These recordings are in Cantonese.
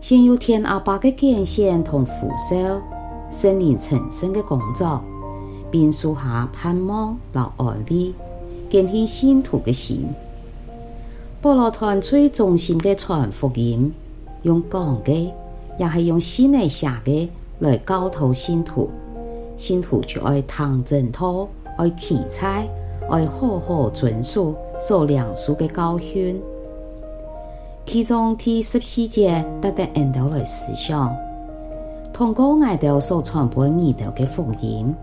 先由天阿爸嘅肩線同扶手，身臨塵身的工作，並樹下盼望老安危，堅定信徒的心。保羅團，最忠心的傳福音，用講嘅，也係用心的來新嚟，寫嘅，來教導信徒。信徒就愛躺正頭愛器材，愛好好遵守受良主嘅教訓。其中第十四節，值得源頭來思想，通過源頭所傳播念頭嘅福音，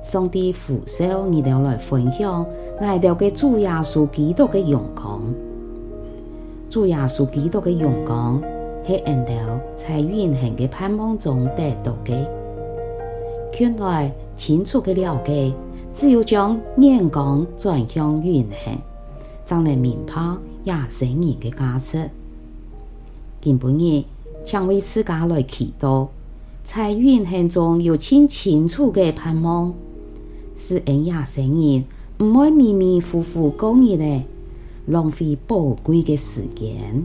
上帝賦予念頭來分享，源頭嘅主耶穌基督的榮光。主耶穌基督的榮光，係源頭，在永恆運行的盼望中得到的，看來清楚的了解，只有將眼光轉向永恆，才能明白亞聖人的價值。根本嘅，想為自家來祈禱，在永恆中有清清楚的盼望，是恩雅神人唔愛迷迷糊糊講嘢的，浪費寶貴的時間。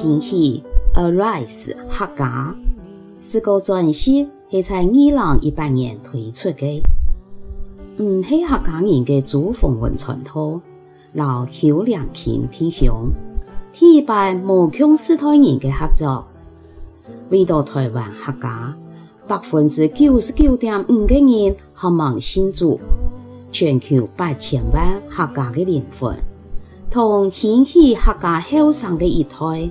《興起》《Arise》客家是個專戲，是在二零一八年推出的。嗯，係客家人的祖風文傳統，由小良慶天雄，替拜武康師太人的合作，回到台灣客家百分之九十九點五嘅人渴望先祖，全球八千萬客家嘅靈魂，同興起客家向上嘅一代。